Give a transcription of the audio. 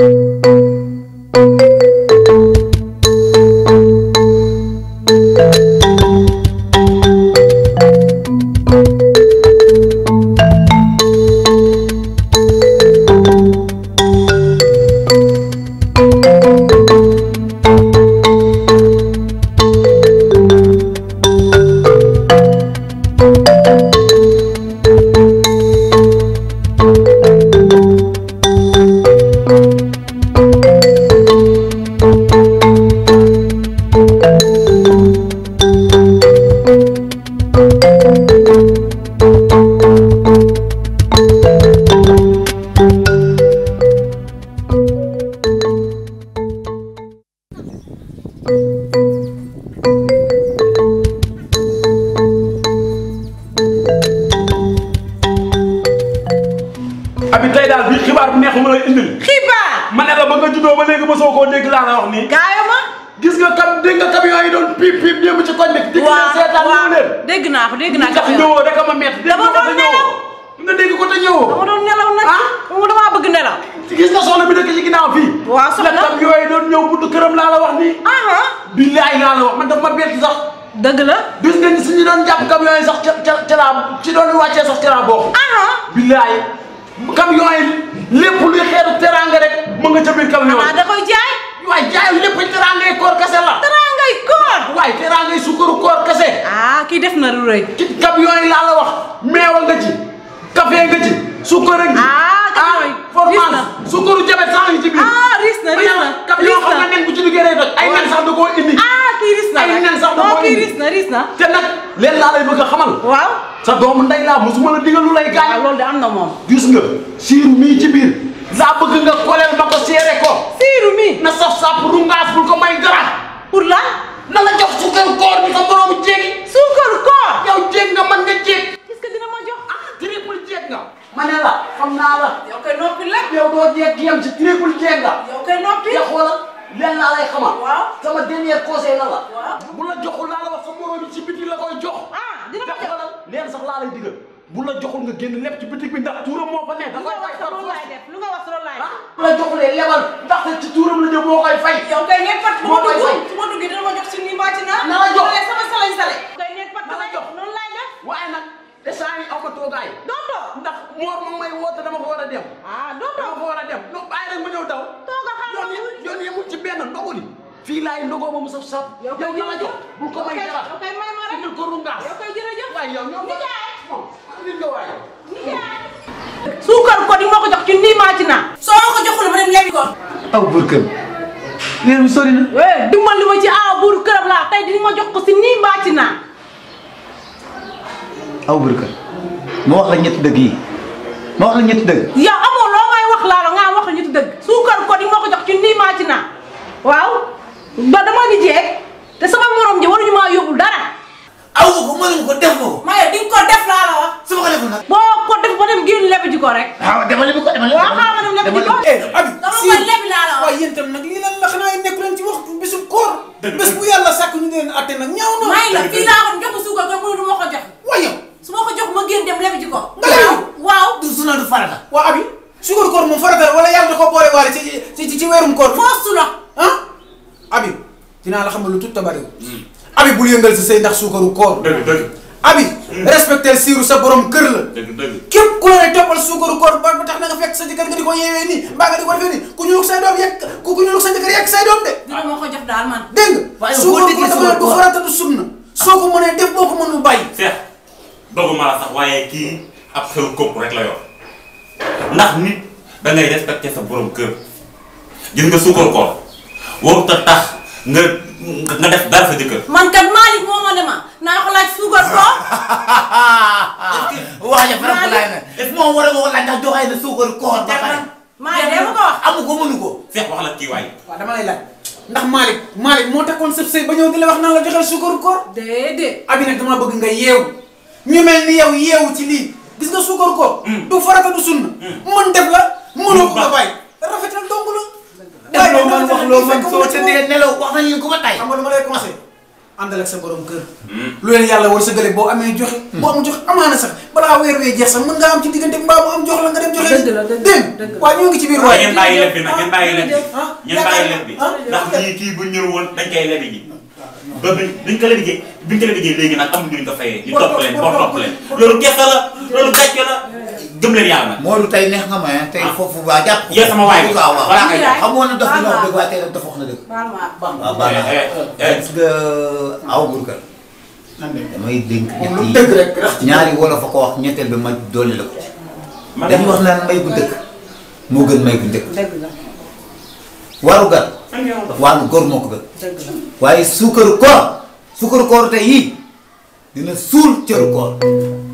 Thank you. Habib tey daal bi xibaar bu neex ma lay indil. ma nga juddoo ba léegi mosoo koo dégg laa la wax nii. gaayo ma. gis nga kam dégg nga camion yi doon piip piip démb ci dégg naa ko dégg naa ko. ndax ñëwoo rek a ma métti. dama doon nelaw nga dégg ko te ñëwoo. dama doon nelaw nag. ah mu damaa bëgg nelaw. gis nga soxna bi dëkk ci ginnaaw fii. waaw soxna la camion doon ñëw buntu këram laa la wax nii. Ah, ah. billaay laa la wax man dafa sax. dëgg la. gis nga suñu doon jàpp camion yi sax ca ca ca laa ci doon wàccee sax ca laa bokk. Ah, billaay camion yi lépp luy xeetu teraanga rek mën nga ca biir camion yi. da koy jaay. waay jaayul lépp teraangay koor kese la. teraangay koor. waay teraangay sukkaru koor kese. ah kii def na lu rëy. ci camion la wax meewa nga ci café nga ci sukkar ak. ah camion ah, formance sukkaru jabet sax ngi ci biir. ah na ris na camion xam nga nen bu ci duggee day toj ay nen sax da koo indi. ah kii ris na ay nen sax na ris na. leen laa lay bëgg a xamal. waaw. sa doomu ndey laa mosuma la digal lu lay gaañ. loolu de am moom. gis nga siiru mii ci biir. laa bëgg nga koleel ba a seere ko. siiru mii. na saf sàpp rungaas bul ko may dara. pour la. na la jox suukar koor bi sa moromu jéegi. suukar koor. yow jéeg nga que dina ma ah, ma ne la xam naa la. yow kay noppi la. yow doo jéeg yem noppi. yow xoolal lenn laa lay xamal. waaw sama dernier conseil la la. waaw bu la joxul laa la. laa lay digal bu la joxul nga génn lépp ci bitig bi ndax tuuram moo fa ne. da koy fay par force lu nga wax loolu laay def. Ah, bu la joxulee lebal ndax ci tuuram la jëm moo koy fay. yow kay nekk pat bu ma dugg su ma duggee dina ma jox si nii wàcc naa. na la jox ma sama salañ sale. kay nekk pat la jox noonu laay def. waaye nag échange yi aw ko toogaay. dootoo ndax moor moom may woote dama ko war a dem. ah dootoo dama ko war a dem. donc bàyyi rek ma ñëw daw. toog a xaaral ma wut yoon yemul ci benn ndogu li. fii laay ndogoo moom saf saf. yow kay jërëjëf yow kay may ma rek bul ko may dara. yow kay may ma rek. yow kay jërëjëf waaye yow ñoo sukar ko di moo jox ci nii maa ci joxul ma dem lebi ko. aw leer sori na. ma ci aw di ma jox ko si nii maa aw buur kër wax la ñetti dëgg yi ma wax la ñetti dëgg. Ya, amoo loo may wax laa la ngaa wax la ñetti dëgg. ko di moo jox ci nii maa ci ba dama ni jeeg te sama morom waruñu dara. aw ko ko rek. waaw dama lebi ko dama lebi ko waaw xaaral ma dem lebi ko. abi si waaye yéen itam nag lii lan la xanaa yéen nekku leen ci waxtu bisu koor. bés bu yàlla sàkk ñu leen atte nag ñaaw na. may la fii laa ko jox ko suukar ko mënu ma ko jox. waaye yow. su ma ko jox ma génn dem lebi ji ko. nga lebi waaw. du sunna du farata. waaw abi suukar koor moom farata wala yàlla da ko boole waale ci ci ci weerum koor. foosu la. ah abi dinaa la xamal lu tut tabari abi bul yëngal si say ndax suukaru koor. dëgg dëgg abi respecter siru sa borom keur la kep ko lay topal toppal ko ba tax na nga fek sa jëkkër nga di ko yeewee nii nga diko defé defee ku ñu sa doom yek ku ku ñu sa jëkkër yek sa doom de moo ko jox daal man dégg nga suukaru dafa du farata du sunna soko ko mënee def boko ko mën mu bàyyi seex doguma sax waye ki ap xew ko rek la yor ndax nit da ngay respecter sa borom keur gis nga suukaru ko wo ta tax nga nga def dara fa jëkkër man kat ma fondement naa ko laaj suukar koom. wax ja faram ko laaj na est-ce que a ko laaj ndax joxe na suukar koor ba pare. maa ngi dem ko wax amu ko mënu ko. fex wax la kii waay. waaw dama lay ndax Malick Malick moo takkoon sëb sëy ba ñëw di la wax naa la joxal suukar koor. déedéet. abi nag dama bëgg nga yeewu. ñu mel ni yow yeewu ci lii gis nga suukar koor. Hmm. du farata du sunna. Hmm. mën def la mënoo ko nga bàyyi. rafetal dong la. def loo mën wax loo mën soo ca nelaw wax nañu ko ba tey. xam nga dama àndal sa borom kër. lu leen yàlla war sa gële boo amee joxe. boo amul joxe amaana sax balaa weer wee jeex sax mën ngaa am ci diggante mbaa mu am jox la nga dem joxe. dëgg la dëgg dégg waaw ñoo ngi ci biir waaye. ngeen bàyyi leb bi nag ngeen bi. ngeen bàyyi leb bi ndax kii kii ko lebi jee buñ léegi nag amuñu ñu ko fayee. leen boo topp leen loolu gerte la loolu gàcce la gëm leen yàlla. Modou tey neex nga ma eh? tey ah. foofu waa jàpp. yow sama waay la voilà kay wax na dëgg. na eh, eh, ah, a ko wax ñetteel bi ma dolli ko ci. dañu wax dëkk moo gën may koor suukaru koor tey yii dina suul cëru koor.